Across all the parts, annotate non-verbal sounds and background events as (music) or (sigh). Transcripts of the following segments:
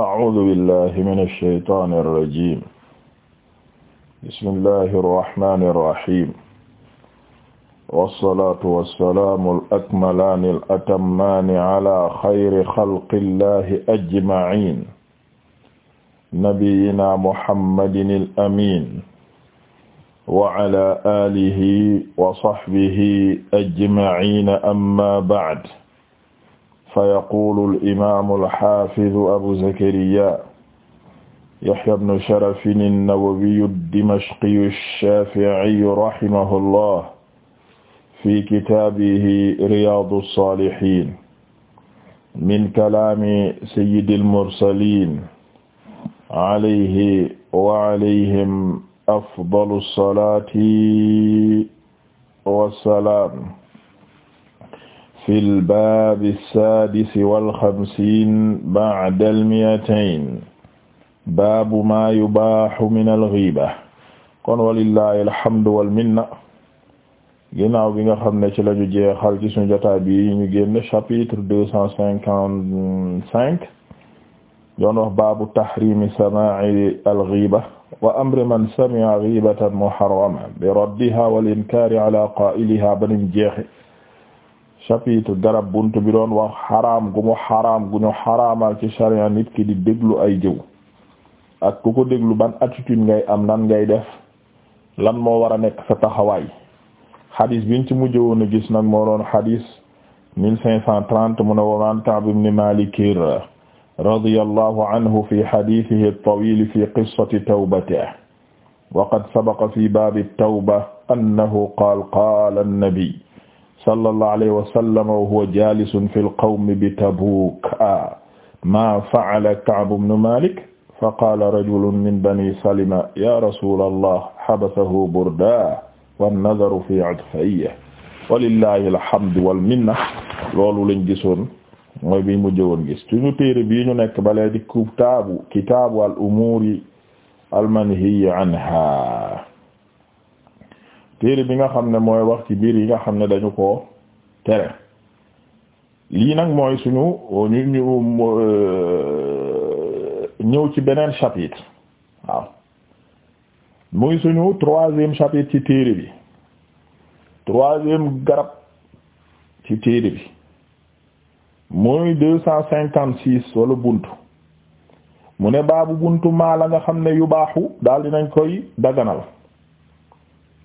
أعوذ بالله من الشيطان الرجيم بسم الله الرحمن الرحيم والصلاة والسلام الأكملان الأتمان على خير خلق الله أجمعين نبينا محمد الأمين وعلى آله وصحبه أجمعين أما بعد فيقول الإمام الحافظ أبو زكريا يحيى بن شرف النووي الدمشقي الشافعي رحمه الله في كتابه رياض الصالحين من كلام سيد المرسلين عليه وعليهم أفضل الصلاة والسلام fil baabi saadisi wal xamsiin ba'dal mi'atayn baabu maa yubaahu minal ghiiba kon walillaahi alhamdu wal minna ginnaaw bi nga xam ne ci la ñu jeexal ci sunu jotaay bi ñu génn chapitre deux cent cinquante cinq doon wax baabu tahriimi samaa'i al ghiiba wa amri man sami'a ghiibatan muharraman bi raddihaa wal inkaari alaa qaa'ilihaa ba ñu jeexe chapitre garab bunt bi doon wax xaraam gu mu xaraam gu ñu xaraamal ci sharia nit ki di déglu ay jëw ak ku ko déglu ban attitude ngay am nan ngay def lan moo war a nekk sa taxawaay xadis biñ ci mujj woon a gis nag moo doon xadis mille cinq cent trente mu ne woon Ka'b ibn Malik radiyallahu anhu fi xadisihi at-tawil fi qissati tawbatihi wa qad sabaqa fi baabi at-tawba annahu qaala qaala an-nabi sallallahu alayhi wa sallam wa huwa jalisun fil qawmi bi Tabuuk ah, maa fa'ala Ka'b ibn Maalik fa qaala rajulun min bani Salima yaa rasuulallah habasahu burda wan-nazaru fii 'atfayhi walillahi alhamdu wal minna loolu lañ gisoon mooy bi mu jëwoon gis suñu téere bii ñu nekk balee di kitaabu kitaabu al-umuuri al-manhiyyi anhaa téere bi nga xam ne mooy wax ci biir yi nga xam ne dañu ko tere lii nag mooy suñu euh, ñëw ci beneen chapitre waaw muy suñu troisième chapitre ci téere bi troisième garab ci téere bi muy deux cent cinquante six wala buntu mu ne baabu buntu maa la nga xam ne yu baaxu daal nañ koy daganal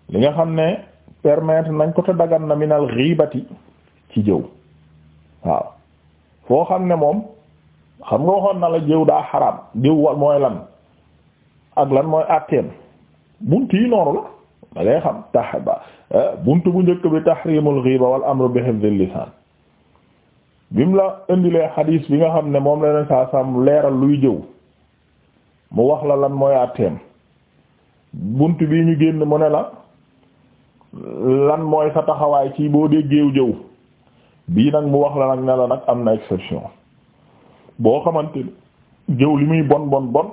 li nga xam ne permettre nañ ko te dagan na minal ghibati ci jëw waaw foo xam ne moom xam nga waxoon na la jëw daa xaraam jëw wa mooy lan ak lan mooy àtteem bunt yi noonu la da eh, bu njëkk bi tahrimul wal amru bi la indilee xadiis bi nga xam ne moom la ne saa leeral luy jëw mu wax la lan mooy àtteem bunt ñu génn mu ne la lan mooy sa taxawaay ci boo déggeew jëw bii nag mu wax la nag ne nag am na exception boo xamante jëw li muy bon bon bon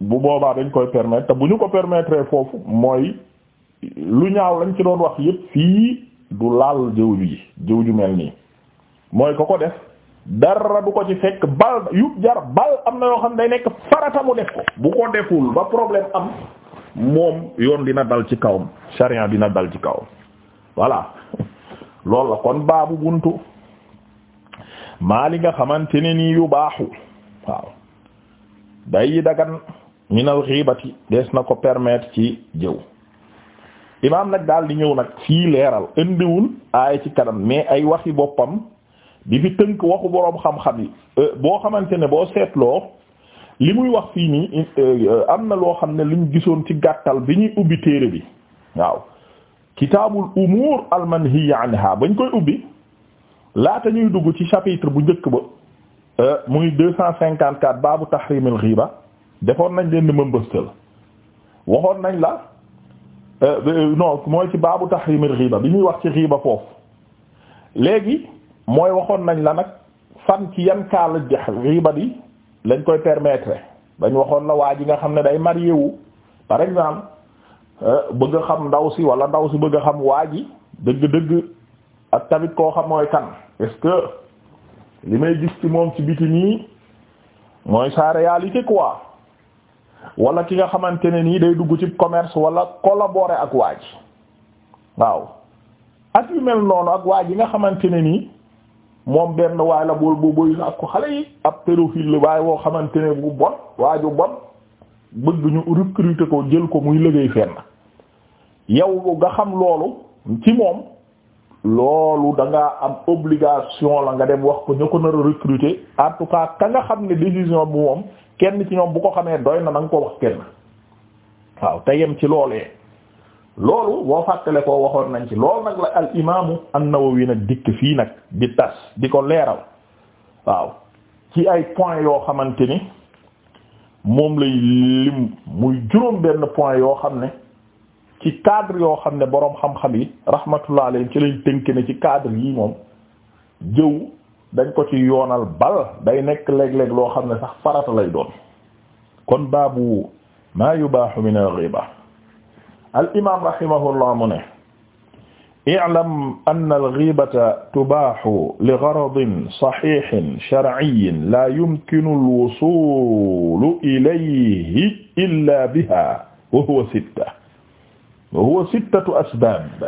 bu boobaa dañ koy permettre bu ñu ko permettre foofu mooy lu ñaaw lañ ci doon wax yépp fii du laal jëw ji jëw ju mel nii mooy ko ko def dara du ko ci fekk bal yu jar bal am na yoo xam ne day nekk farata mu def ko bu ko deful ba problème am moom yoon dina dal ci kaw sharia dina dal ci kaw voilà loolu la kon baabu buntu maa li nga xamante ne nii yu baaxu waaw day yi dagan minal xiibati des na ko permettre ci jëw imaam nag daal di ñëw nag fii leeral indiwul aay ci kanam mais ay waxi boppam di fi tënk waxu boroom xam-xam yi euh, boo xamante ne boo seetloo li muy wax fii nii euh, euh, am na loo xam ne luñ gisoon ci gàttal bi ñuy ubbi téere bi waaw kitaabul umuur al manhiya anha bañ koy ubbi laata ñuy dugg ci chapitre bu njëkk ba euh, muy deux cent cinquante quatre baabu tahrimil ghiba defoon nañ leen mëmbëstal waxoon nañ la no mooy ci baabu tahrimil ghiba bi ñuy wax ci ghiba foofu léegi mooy waxoon nañ la nag fan ci yan kaala ghiba di lañ koy permettre dañ waxoon la waa ji nga xam ne day marié wu par exemple euh, bëgg a xam ndaw si wala ndaw si bëgg a xam waa ji dëgg-dëgg ak tamit koo xam mooy kan est-ce que li may gis ci moom ci biti nii mooy sa réalité quoi wala ki nga xamante ne nii day dugg ci commerce wala kolaboore ak waa ji waaw ak yu mel noonu ak waa ji nga xamante ne nii moom benn waay la bool bu buy la ko xale yi ab pédophile waaye woo xamante ne bu bon waaju bon bëgg ñu recruter ko jël ko muy liggéey fenn yow nga xam loolu ci moom loolu da ngaa am obligation la nga dem wax ko ñu ko nar a recruter en ka nga xam ne décision bu moom kenn ci ñoom bu ko xamee doy na na nga ko wax kenn waaw te yem ci loolee loolu boo fàttale koo waxoon nañ ci loolu nag la al imaamu an-Nawawi nag dikk fii nag di tas di ko leeral waaw ci ay point yoo xamante ni moom lay lim muy juróom benn point yoo xam ne ci cadre yoo xam ne boroom xam-xam yi rahmatullah alayhi ci lañ tënk ci cadre yi moom jëw dañ ko ci yoonal bal day nekk léeg-léeg loo xam ne sax farata lay doon kon baabu maa yubaahu min al-ghiba al imaam rahimahullah mu ne i'lam anna al-ghiibata tubaahu li garadin sahihin shar'iyyin laa yumkinu al-wusuulu ilayhi illaa bihaa wa huwa sitta wa huwa sittatu asbaab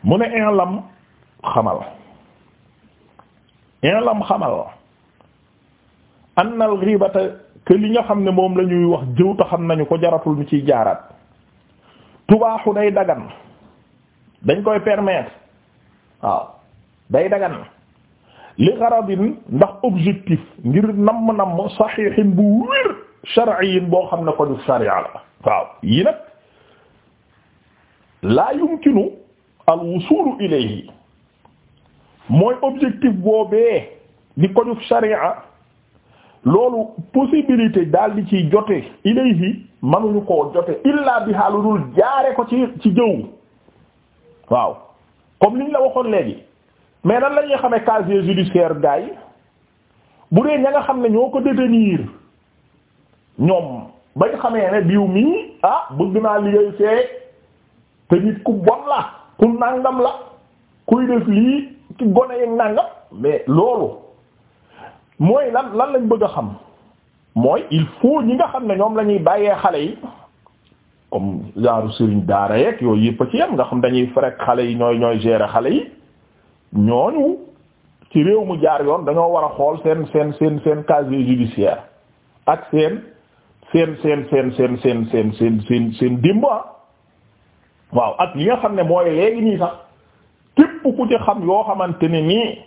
mu ne i'lam xamal i'lam xamal anna al-ghiibata que li nga xam ne moom la ñuy wax jëw ta xam nañu ko jaratul mi ciy jaaraat tubaaxu day dagan dañ koy permettre waaw day dagan li xarabin ndax objectif ngir nam nam saxiixin bu wér shar'iyin boo xam ne ko du sharia la laa yumkinu al wusulu ilayhi mooy objectif boobee di ko du sharia loolu possibilité daal di ciy jote ilayhi manuñu ko jote illa bi xaalu dul jaare ko ci ci jëw waaw comme liñ la waxoon léegi mais nan la ñuy xamee casier judiciaire gars yi bu dee ña nga xam ne ñoo ko détenir ñoom bañ xamee ne biw mii ah bëgg naa liggéey fee te nit ku bon la ku nàngam la kuy def lii ki gone yeeg nàngam mais loolu mooy lan lan lañ bëgg a xam mooy il faut ñi nga xam ne ñoom lañuy bàyyee xale yi comme genre sëriñ daara yeeg yooyu yëpp a ci yam nga xam dañuy fekk xale yi ñooy ñooy gérer xale yi ñooñu ci réew mu jaar yoon dañoo war a xool seen seen seen seen casier judiciaire ak seen seen seen seen seen seen seen seen seen seen dimba waaw ak li nga xam ne mooy léegi nii sax képp ku ci xam yoo xamante ne nii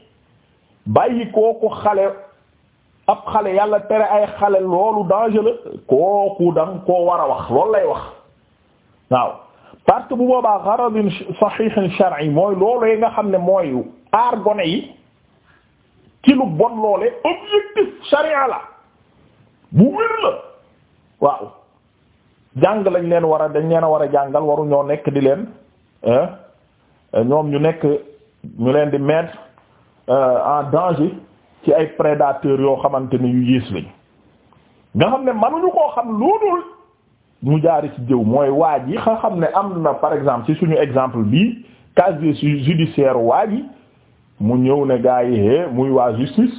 bàyyi kooku xale. ab xale yàlla tere ay xale loolu danger la kooku dang koo war a wax loolu lay wax waaw parce bu boobaa garadin sahihin shar'i mooy loolu yi nga xam ne mooy aar gone yi ci lu bon loole objectif sharia la bu wér la waaw jàng lañ leen war a dañ leen a war a jàngal waru ñoo nekk di leen ñoom ñu nekk ñu leen di mettre euh, en danger ci ay prédateurs yoo xamante ne yu yées lañ nga xam ne manuñu koo xam loolu mu jaari ci jëw mooy waaj yi nga xam ne am na par exemple ci suñu exemple bii casier judiciaire waaj yi mu ñëw ne gaa yi hee muy waa justice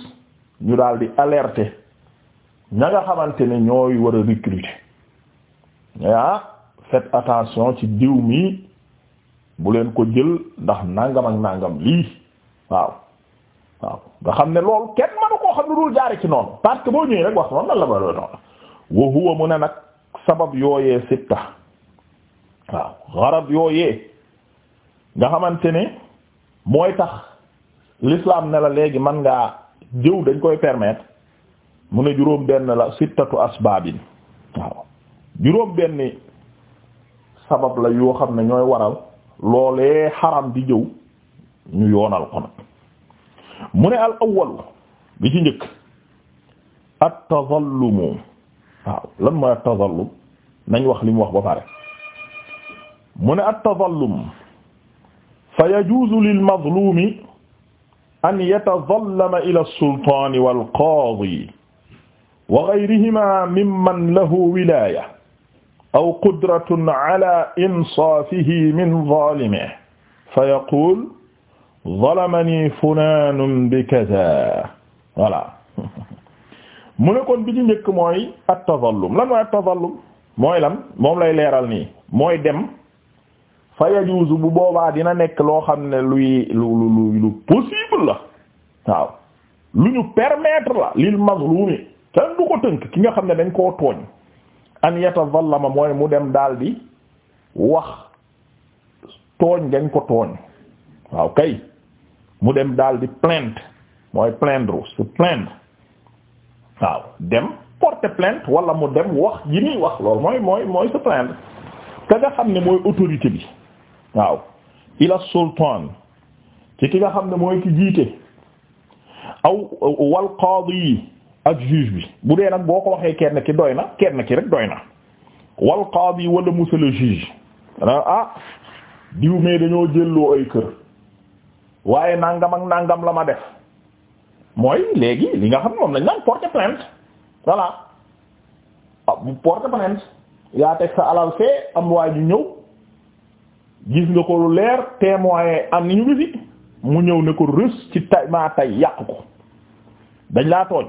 ñu daal di alerter ña nga xamante ne ñooy war a recruter ah faites attention ci diw mi bu leen ko jël ndax nangam ak nangam lii waaw. waaw nga xam ne loolu kenn mënu koo xam ne dul jaare ci noonu parce que boo ñëwee rek wax noonu lan la ma noonu wa mu ne nag sabab yooyee sitta waaw garab yooyee nga xamante ne mooy tax lislaam ne la léegi man ngaa jëw dañ koy permettre mu ne juróom benn la sittatu asbaabin waaw juróom benn sabab la yoo xam ne ñooy waral loolee xaram di jëw ñu yoonal ko mu ne al awwalu bi ci njëkk at-tazallumu waaw lan mooy at-tazallum nañ wax li mu wax ba pare mu ne at-tazallum fa yajuuzu lil mazlumi an yatazallama ila as-sultaan wal qaadi wa ghayrihima mimman lahu wilaaya aw qudratun ala insaafihi min zaalimihi fa yaquul zalamani fulanun bi kaza voilà mu ne kon bi ci njëkk mooy a tazallum lan mooy at-tazallum mooy lan moom lay leeral nii mooy dem fa yajuuzu bu boobaa dina nekk loo xam ne luy lu lu lu possible la waaw lu ñu permettre la lil mazlumi kenn du ko tënk ki nga xam ne dañ koo tooñ an yatazallama mooy mu dem daal daldi wax tooñ dañ ko tooñ waaw kay mu dem daal di plainte mooy plaindre su plaindre waaw dem porter plainte wala mu dem wax ji muy wax loolu mooy mooy mooy se plaindre ka nga xam ne mooy autorité bi waaw ila sultan ci ki nga xam ne mooy ki jiite aw wal qaadi yi ak juge bi bu dee nag boo ko waxee kenn ki doy na kenn ki rek doy na wal qaadi wala monsieur le juge ah diw dañoo jëlloo ay kër waaye nangam ak nangam la ma def mooy léegi li nga xam ne moom lañ naan porte plainte voilà ah, porte plainte yaa teg sa alal fee am waa ju ñëw gis nga ko lu leer témoin am ni ñu ngi fi mu ñëw ne ko rës ci tay maa tay yàq ko dañ laa tooñ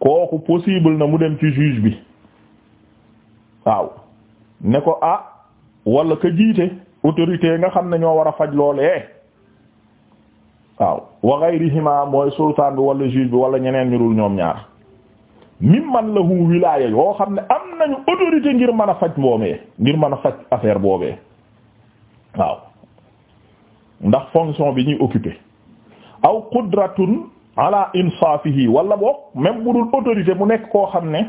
kooku possible na mu dem ci juge bi waaw ne ko ah wala ka jiite autorité nga xam ne ñoo war a faj loolee waaw wa ghayrihima mooy sultaan bi wala juge bi wala ñeneen ñu ñoom ñaar mimman lahu wilaaya yoo xam ne am nañu autorité ngir mën a faj boobee ngir mën a faj affaire boobee waaw ndax fonction bi ñuy occuper aw qudratun ala insaafihi wala boog même bu dul autorité mu nekk koo xam ne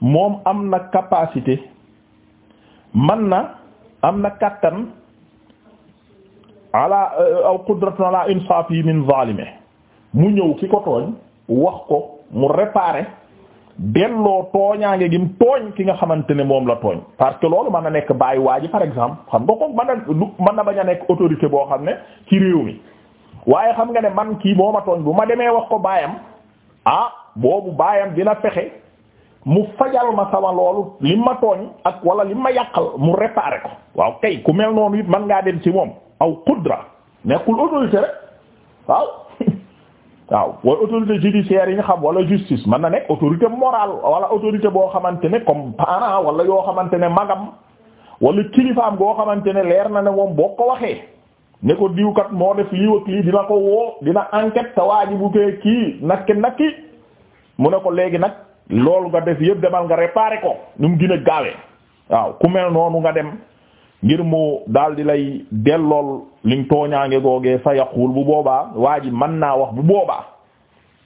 moom am na capacité man na am na kattan ala euh, aw qudratun ala insaafi min zalime mu ñëw ki ko tooñ wax ko mu réparer delloo tooñaange gi mu tooñ ki nga xamante ne moom la tooñ parce que loolu mën a nekk bàyyi waa ji par exemple xam nga ko mën na mën na bañ a nekk autorité boo xam ne ci réew mi waaye xam nga ne man kii moo ma tooñ bu ma demee wax ko baayam ah boobu baayam dina fexe mu fajal ma sama loolu li ma tooñ ak wala li ma yàqal mu réparé ko waaw kay ku mel noonu it man ngaa dem si moom aw qudra nekkul autorité rek waaw (laughs) waaw wala autorité judiciaire yi nga xam wala justice man na nekk autorité morale wala autorité boo xamante ne comme parent wala yoo xamante ne magam wala kilifaam goo xamante ne leer na ne moom boo ko waxee ne ko kat moo def lii ak lii dina ko woo dina enquête te waa ji bu kee kii nakki nakki mu ne ko léegi nag loolu nga def yépp demal nga réparer ko nu mu gën a gaawee waaw ku mel noonu nga dem ngir mu daldi di lay dellool li nga tooñaange googee sa yaqul bu boobaa waa ji mën naa wax bu boobaa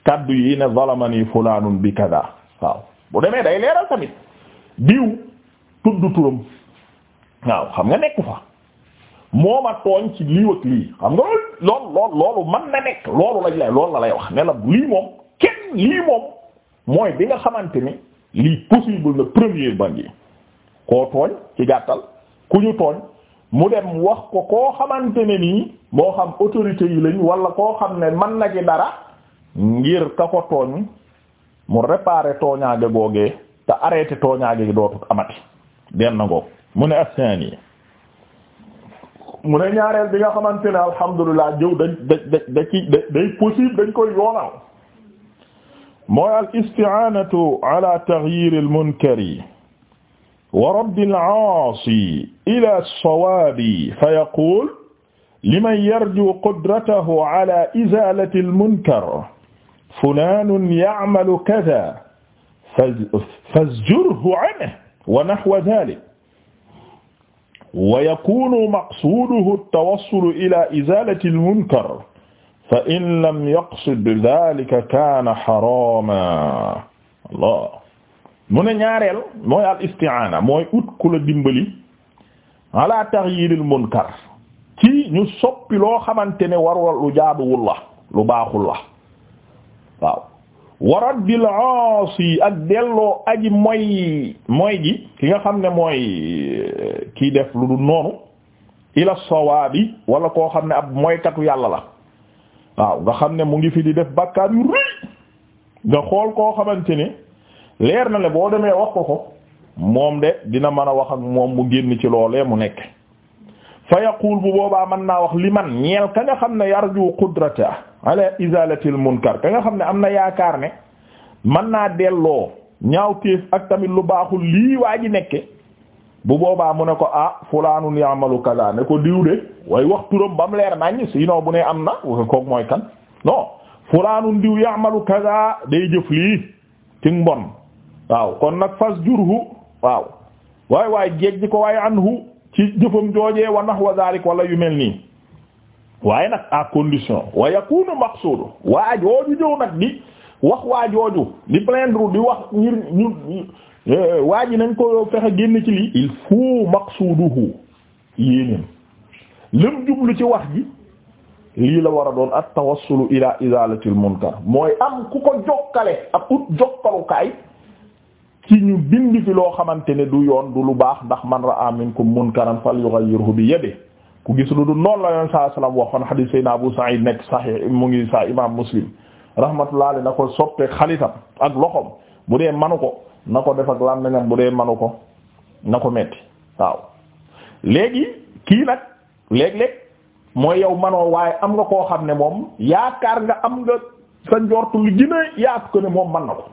kàddu yi ne zalamani fulanun bi kada waaw bu demee day leeral tamit diw tudd turam waaw xam nga nekk fa mooma tooñ ci lii ak lii xam nga loolu loolu loolu loolu na nekk loolu lañ lay loolu la lay wax ne lii moom kenn lii moom mooy bi nga xamante ni lii possible le premier bandit koo tooñ ci gàttal ku ñu tooñ mu dem wax ko koo xamante ne nii moo xam autorité yi lañ walla koo xam ne mën na ci dara ngir ka ko tooñ mu réparer tooñaage googee te arrêté tooñaage gi dootul amati den na ngoog mu ne assane yi mu ne ñaareel bi nga xamante ne alhamdulilah jëw dañ da da da day possible dañ koy yoonal mooy al isti'anatu ala taghyir al munkari wa radd al aasi ila as-sawaabi fa yaqul liman yarju qudratahu ala izalati al munkar fulanun ya'malu kadha fazjurhu anhu wa nahwa dhalik wa yakunu maqsuduhu at-tawassul ila izalati al munkar fa in lam yaqsid dhalika kaana haraaman Allah mu ne ñaareel mooy al isti'aana mooy ut ku la dimbali ala taghyiril munkar ci ñu soppi loo xamante ne warwal lu jaaduwul la lu baaxul la waaw wa raddil aasi ak delloo aji mooy mooy ji ki nga xam ne mooy kiy def lu du noonu ila sawaabi wala koo xam ne ab mooykatu yàlla la waaw nga xam ne mu ngi fi di def bàkkaar yu rëy nga xool koo xamante ni leer na le boo demee wax ko ko moom de dina mën a wax ak moom mu génn ci loolee mu nekk fa yaqul bu boobaa mën naa wax li man ñeel ka nga xam ne yarju qudrata ala izalatil munkar ka nga xam ne am na yaakaar ne mën naa delloo ñaaw téef ak tamit lu baaxul lii waa ngi nekke bu boobaa mu ne ko ah fulaanun ya'malu kaza ne ko diw de way wax turam ba mu leer naññ bu ne am na kook mooy kan non fulaanun diw ya'malu kaza day jëf lii ci mbon waaw kon nag fas jurhu waaw waay waay jeeg ji ko waaye anhu ci jëfam joojee wa nahwa zalik wala yu mel nii waaye nag à condition wa yakunu maqsudu waajooju jëw nag di wax waajooju di plaindre di wax ngir ñu Euh, waa ji nañ ko fexe génn ci lii il faut maqsuduhu yéenéen lëm jublu ci wax ji lii la war a doon at tawassulu ila izalatil munkar mooy am ku ko jokkale ak ut jokkalukaay ci ñu bindi fi loo xamante ne du yoon du lu baax ndax man ra'a minkum munkaran falyughayyirhu bi yadihi ku gis lu du noonu la yoon saa salaam waxoon xadiis sayna sa mu ngi saa imaam Muslim rahmatullahi na ko soppeek xalitam ak loxom bu dee manu ko na ko def ak làmmiñam bu dee manu ko na ko metti waaw léegi kii nag léeg-léeg mooy yow manoo waaye am nga koo xam ne moom yaakaar nga am nga sa njortu lu gën a yaatu ko ne moom man na ko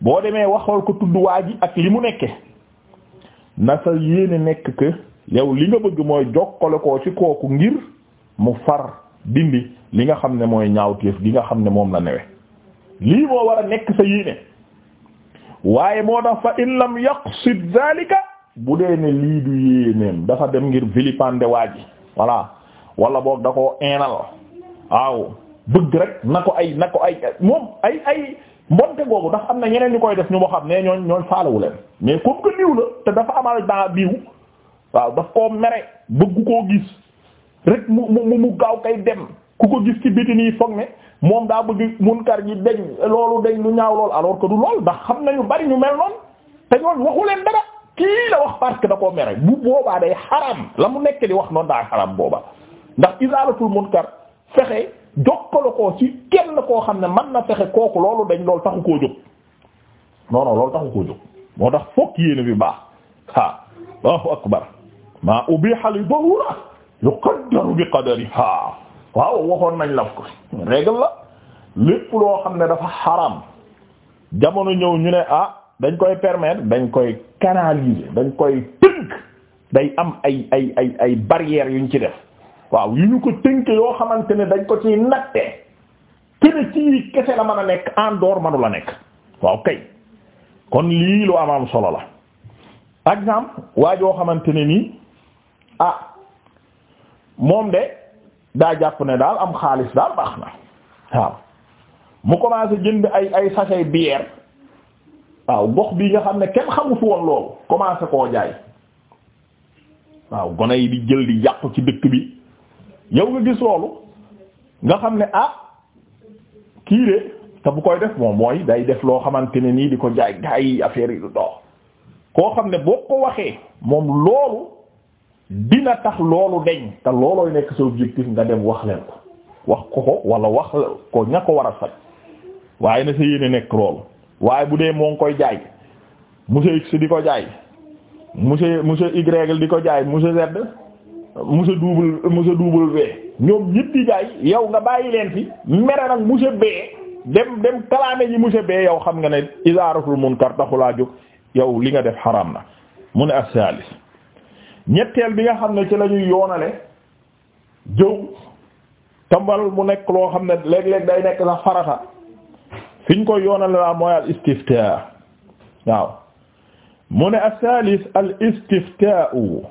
boo demee waxal ko tudd waa ak li mu nekke na sa yéene nekk que yow li nga bëgg mooy jokkale koo ci kooku ngir mu far dindi li nga xam ne mooy ñaawteef gi nga xam ne moom la newe lii moo war a nekk sa yéene waaye moo tax fa in lam yaqsid zalika bu dee ne lii du yéenéem dafa dem ngir vilipender waa ji voilà wala boog da ko eenal waaw bëgg rek na ko ay na ko ay moom ay ay mbonte googu ndax am na ñeneen ñu koy def ñu moo xam ne ñooñ ñooñ faalawu mais comme que la te dafa amal daa biiw waaw daf koo mere bëgg koo gis rek mu mu mu gaaw kay dem ku ko gis ci biti nii foog ne moom daa bëgg munkar ji deñ loolu deñ lu ñaaw lool alors que du lool ndax xam nañu bari ñu mel noonu te ñooñ waxu leen dara kii la wax parce que da koo mere bu boobaa day xaram la mu nekk di wax noonu daa xaram boobaa ndax isaalatul munkar fexe jokkale ko ci kenn koo xam ne mën na fexe kooku loolu dañ loolu taxu koo jóg non non loolu taxu koo jóg moo tax fokk yéene bi baax ah Allahu akbar maa ubiha li darura yuqaddaru bi qadariha waaw waxoon nañ la ko règle la lépp loo xam ne dafa xaram jamono ñëw ñu ne ah dañ koy permettre dañ koy canaliser dañ koy tënk day am ay ay ay ay barrières yuñ ci def waaw yu ñu ko tënk yoo xamante ne dañ ko ciy natte kene ci kese la mën a nekk en dehors manu la nekk waaw kay kon lii lu amaam solo la par exemple waa joo xamante ne nii ah moom de daa jàpp ne daal am xaalis daal baax na waaw mu commencé jënd ay ay sachet bière waaw gox bi nga xam ne kenn xamu fi woon loolu commencé koo jaay waaw gone yi di jël di yàqu ci dëkk bi yow nga gis loolu nga xam ne ah kii de te bu koy def moom mooy day def loo xamante ne nii di ko jaay gaa yi affaire yi du dox koo xam ne boo ko waxee moom loolu dina tax loolu deñ te loolooy nekk sa objectif nga dem wax leen ko wax ko ko wala wax ko ña ko war a faj waaye na sa yéene nekk loolu waaye bu dee moo ngi koy jaay monsieur X di ko jaay monsieur monsieur Y di ko jaay monsieur Z monsieur double monsieur double V ñoom ñëpp jaay yow nga bàyyi leen fi mere nag monsieur B dem dem kalaame ji monsieur B yow xam nga ne isaaratul munkar taxulaa jóg yow li nga def xaram na mu ne as-salis ñetteel bi nga xam ne ci la ñuy yoonale jëw tambal mu nekk loo xam ne léeg-léeg day nekk sax farata fi ñu koy yoonale laa mooy al istifta waaw mu ne asalis al istiftau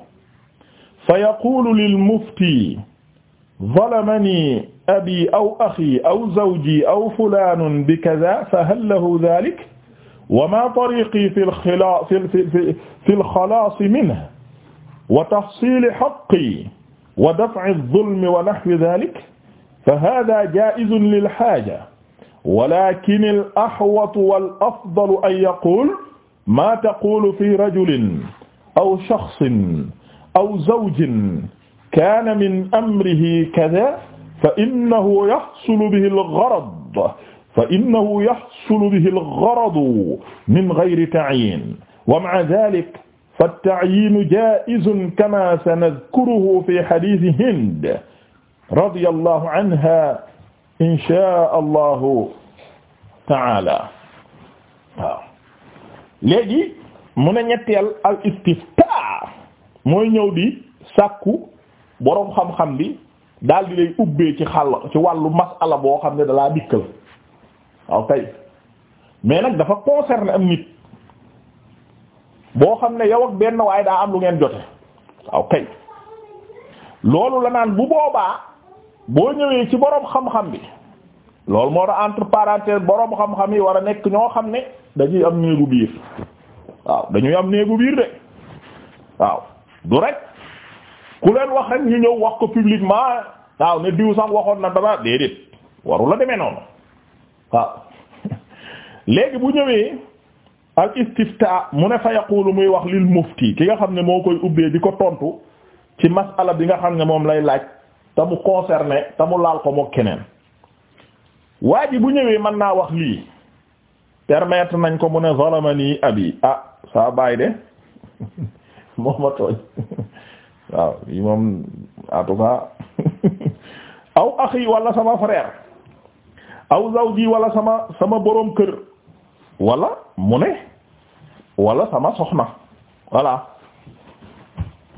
fa yaqulu lil mufti zalamani abi aw axi aw zawji aw fulanun bi kaza fa hal lahu dhalik wa ma tariqi fi al xalaas minhu wa tafsili haqqi wa daf'i zulmi wa nahwi dhalik fa hadha jaa'izun lil haaja walakin al ahwatu wal afdalu an yaqul ma taqulu fi rajulin aw shakhsin aw zawjin kaana min amrihi kadha fa innahu yahsulu bihi al gharad fa innahu yahsulu bihi al gharad min ghayri ta'yin wa ma'a dhalik fatta'yiinu jaa'izun kamaa sanadhkuruhu fi hadiisi Hind radiyallahu anhaa inshaa Allahu ta'aalaa waaw léegi mu ne ñetteel al istiftaa mooy ñëw di sàkku boroom xam-xam bi daal di lay ubbee ci ci wàllu masala boo xam ne dala dikkal waaw kay mais nag dafa am nit boo xam ne yow ak benn waaye daa am lu ngeen jote waaw kay loolu la naan bu boobaa boo ñëwee ci boroom xam-xam bi loolu moo tax entre parenthèses boroom xam-xam yi war a nekk ñoo xam ne dañuy am néegu biir waaw dañuy am néegu biir de waaw du rek ku leen wax rek ñu ñëw wax ko publiquement waaw ne diw sax waxoon na dara déedéet waru la demee noonu waaw (laughs) léegi bu ñëwee. al istifta mu ne fa yaqulu muy wax lil mufti ki nga xam ne moo koy ubbee di ko tontu ci masala bi nga xam ne moom lay laaj te mu concerné te mu laal ko moo keneen waa ji bu ñëwee mën naa wax lii permettre nañ ko mu ne zalamani abi ah saa bàyyi de (laughs) moom a tooñ (laughs) waaw yi moom en tout cas (laughs) aw axi wala sama frère aw zawji wala sama sama boroom kër wala mu ne wala sama soxna voilà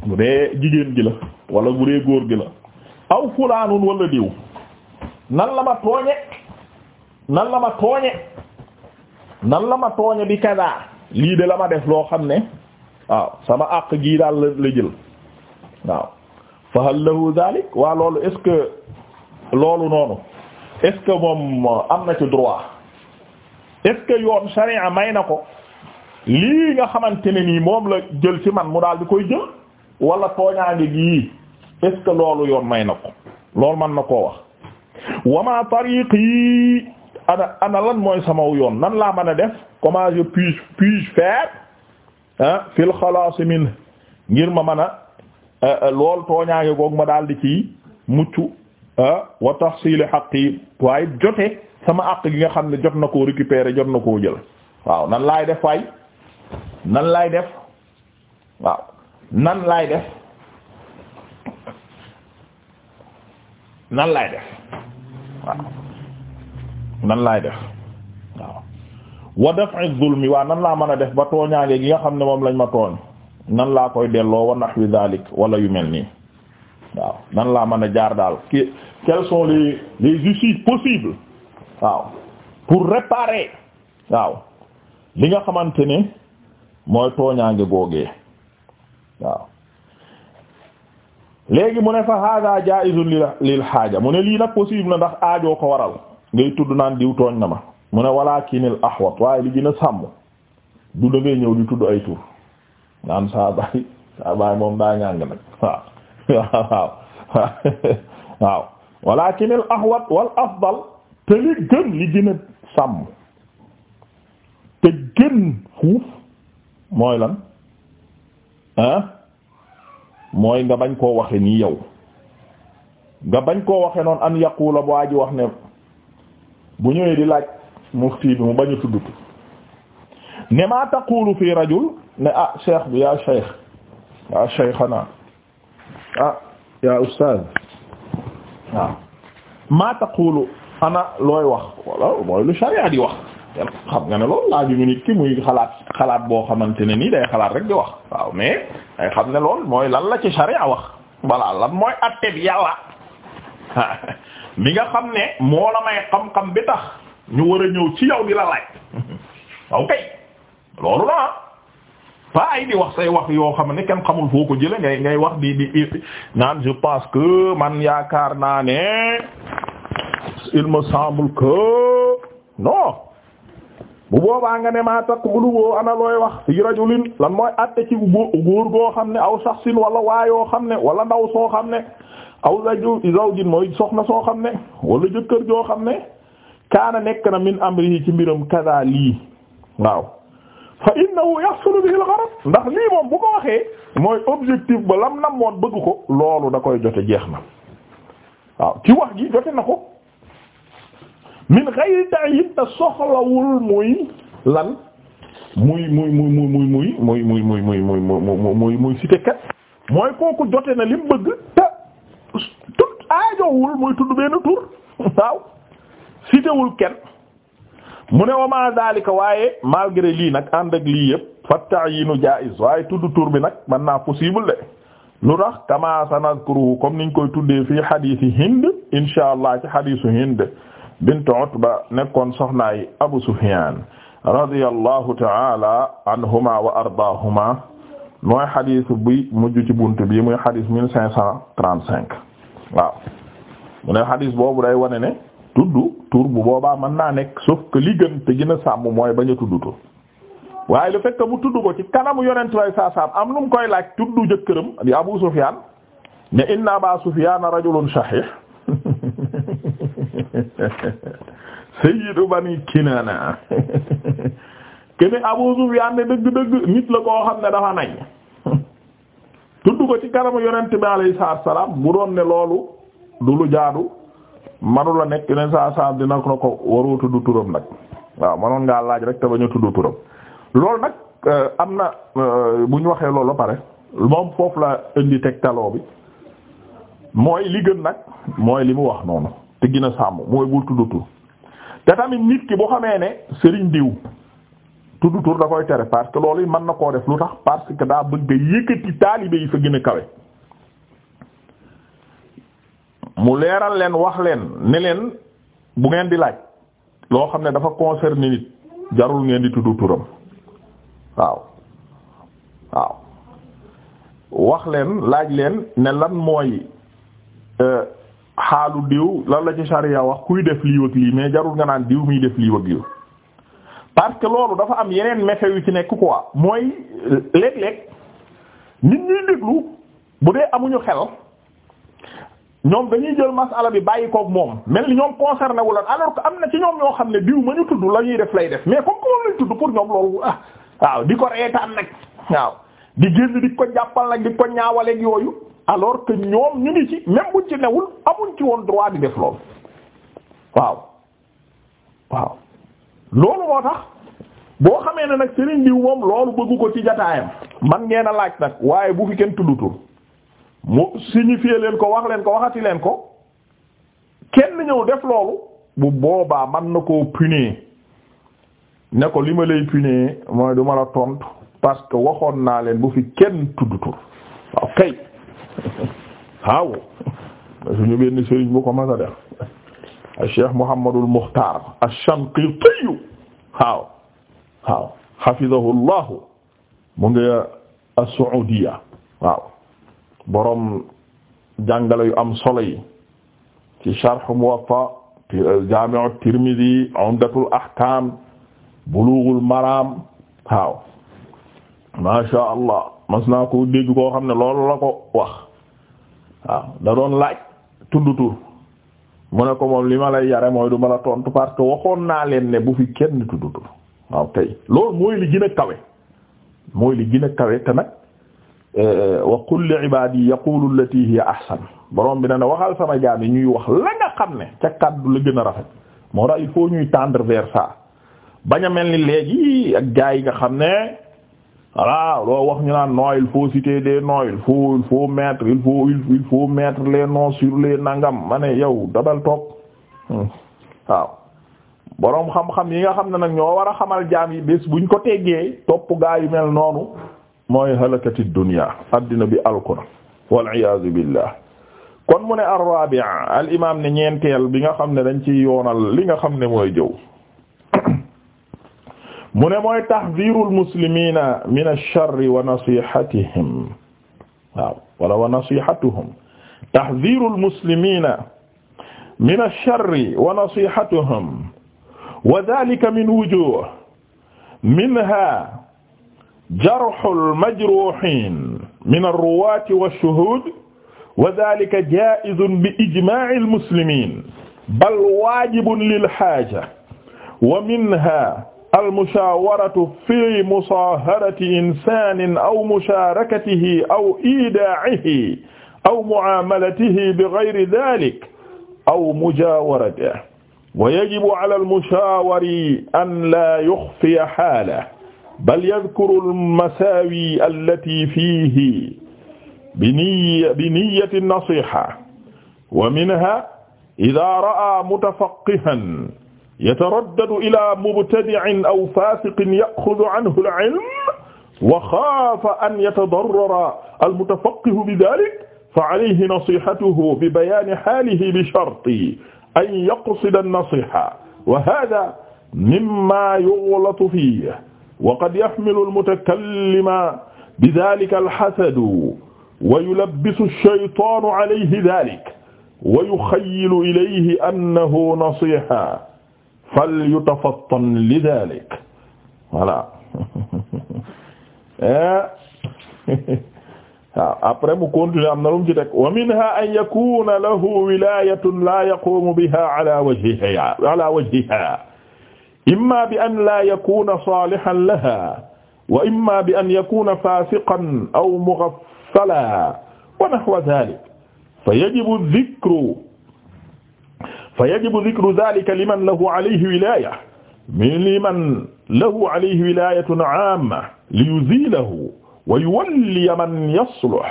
bu jigéen gi la wala bu dee góor gi la aw fulaanun wala diw nan la ma tooñe nan la ma tooñe nan la ma tooñe bi kadaa lii de la ma def loo xam ne waaw sama àq gii daal la jël waaw fa hal lahu dalik waa loolu est que loolu noonu est que moom am na ci droit est-ce que yoon sharia may na ko lii nga xamante ne nii moom la jël ci man mu daal di koy jël walla tooñaange gi est loolu yoon may na ko loolu man na koo wax wama tariqi ana lan mooy samaw yoon nan laa mën a def comment je puis puis faire ah fil xalaas min ngir ma mën a euh, lool tooñaange goog ma daal di ci mucc ah wa tahsili haqqi waaye jote sama àq gi nga xam ne jot na koo récupérer jot na koo jël waaw nan laay def waay nan laay def waaw nan laay def nan laay def waaw nan laay def waaw wa daf'i zulmi waa nan laa mën a def ba tooñaange gi nga xam ne moom lañ ma tooñ nan laa koy delloo wa nahwi dhalik wala yu mel nii waaw nan laa mën a jaar daal quels sont les les issues possibles waaw pour réparer waaw li nga xamante ne mooy tooñaange googee waaw léegi mu ne fa hada jaizun lil lil xaaja mu ne lii nag possible ndax aajoo ko waral ngay tudd naan diw tooñ na ma mu ne walaakinil ahwat waaye li gën sàmm du da ñëw di tudd ay tur naan saa baay moom daa ñàng nag waaw (laughs) waaw waaw waaw wal afdal te li gën li gën a sàmm te gën fuuf mooy lan ah mooy nga bañ koo waxe nii yow nga bañ koo waxe noonu an yaqula bu aji wax ne bu ñëwee di laaj mufti bi mu bañ a tuddutu ne maa taqulu fi rajul ne ah cheikh bi ya cheikh ya cheikhana ah ya ustaz waaw maa taqulu ana looy wax wala mooy lu sharia di wax xam nga ne loolu laaju ñu nit muy xalaat xalaat boo xamante ne nii day xalaat rek di wax waaw mais day xam ne lool mooy lan la ci sharia wax voilà lan mooy atte bi yàlla (laughs) mi nga xam ne moo la may xam-xam bi tax ñu war a ñëw ci yow di la laaj (laughs) loolu la pas di wax say wax yoo xam ne kenn xamul foo ko jële ngay ngay wax di di naan je pense que man yaakaar naa ne il me semble que non bu boobaa nga ne maa taqulu woo ana looy wax fi rajulin lan mooy àtte ci góor goo xam ne aw saxsin wala waayoo xam ne wala ndaw soo xam ne aw zaju zawjin mooy soxna soo xam ne wala jëkkër joo xam ne kaana nekk na min amrihi ci mbiram kaza lii waaw fa innahu yahsulu bihi al-gharad ndax lii moom bu ko waxee mooy objectif ba lam nam woon bëgg ko loolu da koy jote jeex na waaw ci wax gi jote na ko min xayri ta'yib te soxlawul muy lan muy muy muy muy muy muy muy muy muy muy muy muy muy muy cité kat mooy kooku jote na lim bëgg te tut aajowul muy tudd benn tur waaw citéwul kenn mu ne wa ma waaye malgré lii nag ànd ak lii yëpp fa ta'yinu jaiz waaye tudd tur bi nag man naa possible de lu tax kama sanadkuru comme niñ koy tuddee fi hadisi hind insha allah ci hadisu hind bint Utba nekkoon soxnaay Abu Sufyan radiyallahu ta'ala anhuma wa ardaahuma mooy xadis bi mujj ci bunt bi muy xadis mille cinq cent trente cinq waaw mu ne xadis boobu day wane ne tudd tur bu boobaa mën naa nekk sauf que li gën te gën a sàmm mooy bañ a tudd tur waaye le fait que mu tudd ko ci kanamu yonent lay saa saam am lu mu koy laaj tudd jëkkëram di Abu Sufyan ne inna Aba Sufyan rajulun shahih (laughs) (laughs) sayyidu bani Kinaana (laughs) kene Abu Sufyaan ne dëgg-dëgg nit la koo xam ne dafa nay (laughs) tudd ko ci kanamu yonent bi alayhi salaatu wa salaam bu doon ne loolu du lu jaadu manu la nekk yonent saa saa dina ko ko waroo tudd turam nag waaw manoon ngaa laaj rek te bañ a tudd turam loolu nag euh, am na euh, bu ñu waxee loolu pare moom foofu la indi teg taloo bi mooy li gën nag mooy li mu wax noonu. te gën a sàmm mooy bul tudd tur te tamit nit ki boo xamee ne sëriñ diw tudd tur da koy tere parce que loolu yi mën na koo def lu tax parce que daa bëgg a yëkkati taalibe yi fa gën a kawe mu leeral leen wax leen ni leen bu ngeen di laaj loo xam ne dafa concerner nit jarul ngeen di tudd turam waaw waaw wax leen laaj leen ne lan mooy euh, xaalu diw lan la ci sariya wax kuy def lii ak lii mais jarul nga naan diw miy def lii ak lii parce que loolu dafa am yeneen méfaits yu ci nekk ko mooy léeg-léeg nit ñuy déglu bu dee amuñu xel ñoom dañuy jël masala bi bàyyi kook moom mel ni ñoom concerné wu lan alors que am na ci ñoom ñoo xam ne diw ma ñu tudd la ñuy def lay def mais comme que moom lañ tudd pour ñoom loolu ah waaw di ko reetaan nag waaw di génn di ko jàppal nag di ko ñaawaleeg yooyu. alors kë ñoom ñu ngi ci même buñ ci newul amuñ ci woon droit di def lool waaw waaw loolu moo tax boo xamee ne nag Serigne diw moom loolu bëggu ko ci jataayam man ngeen a laaj nag waaye bu fi kenn tuddutul mu signifier leen ko wax leen ko waxati leen ko kenn ñëw def loolu bu boobaa man na ko punir ne ko li ma lay punir mooy du ma la tontu parce que waxoon naa leen bu fi kenn tuddutul waaw kay waaw suñu benn sëriñ bu ko mas a def a cheikh Muhammadul Muxtaar ash-Shanqitiyu waaw waaw hafizahu llahu mu ngi as-Saudiya waaw boroom jàngale yu am solo yi ci sharh Muwatta Jaami'u Tirmidi Umdatul Ahkaam Bulughul Maraam waaw ma sha Allah mas naa ko dégg koo xam ne loolu la ko wax waaw da doon laaj tudd mu ne ko moom li ma lay yare mooy du ma la tontu parce que waxoon naa leen ne bu fi kenn tudd tur waaw tey loolu mooy li gën a kawe mooy li gën a kawe te nag euh, wa qul li ibadi bi na ne waxal sama jaam yi ñuy wax la nga xam ne ca kàddu la gën a rafet moo tax il faut ñuy tendre vers ça ni léegi ak gaa yi nga xam ne voilà loo wax ñu naan non il faut citer des noms il faut il faut mettre il faut il faut mettre sur les nangam ma ne yow dabal toog hmm. waaw boroom xam-xam yi nga xam ne nag ñoo war a xamal jaam yi bés buñ ko teggee topp gaa yu mel noonu mooy halakati dunya addina bi alkuna wal iyaazu billah kon mu ne ar-rabi'a al imam ne ñeenteel bi nga xam ne dañ ci yoonal li nga xam ne mooy jëw mu ne mooy tahdirul muslimina min ash-sharri wa nasihatihim waaw wala wa nasihatuhum tahdirul muslimina min ash-sharri wa nasihatuhum wa dhalika min wujuh minha jarhul majruhin min ar-ruwati wash-shuhud wa dhalika jaizun bi ijma'il muslimin bal wajibun lil haja wa minha almushawaratu fi musaharati insanin aw musharakatihi aw idaa'ihi aw mu'aamalatihi bighayri dhaalika aw mujaawaratihi wa yajibu ala almushawari an laa yukhfiya haalahu bal yadhkuru almasaawi allatii fiihi biniyyati an-nasiiha wa minhaa idhaa ra'aa mutafaqqihan yataraddadu ila mubtadi'in aw fasiqin ya'khudhu anhu al-'ilm wa xaafa an yatadarrara al-mutafaqqihu bidhaalika fa-'alayhi nasihatuhu bi bayaani haalihi bi sharti an yaqsida an-nasiha wa haadha mimma yughlatu fiihi wa qad yahmilu al-mutakallima bidhaalika al-hasadu wa yulabbisu ash-shaytaanu 'alayhi dhaalika wa yukhayyilu ilayhi annahu nasiha falyutafattan li dalik voilà waaw (laughs) eh? (laughs) ah, après mu continuer am na lu mu ci teg wa minha an yakuna lahu wilayatun la yaqumu biha ala wajhiha ala wajhiha imma bi an la yakuna salihan laha wa imma bi an yakuna fasiqan aw mughaffala wa nahwa dhalik fa yajibu dhikru fa yajibu dhikru dhalika liman lahu alayhi wilaya liman lahu alayhi wilayatun amma li yuzilahu wa yuwalli man yasluh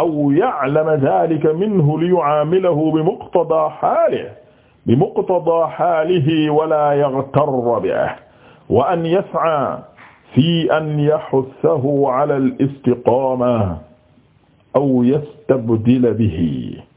aw ya'lama dhalika minhu li yu'amilahu bi muqtada halihi bi muqtada halihi wa la yaghtarra bihi wa an yas'a fi an yahuthahu ala al-istiqama aw yastabdila bihi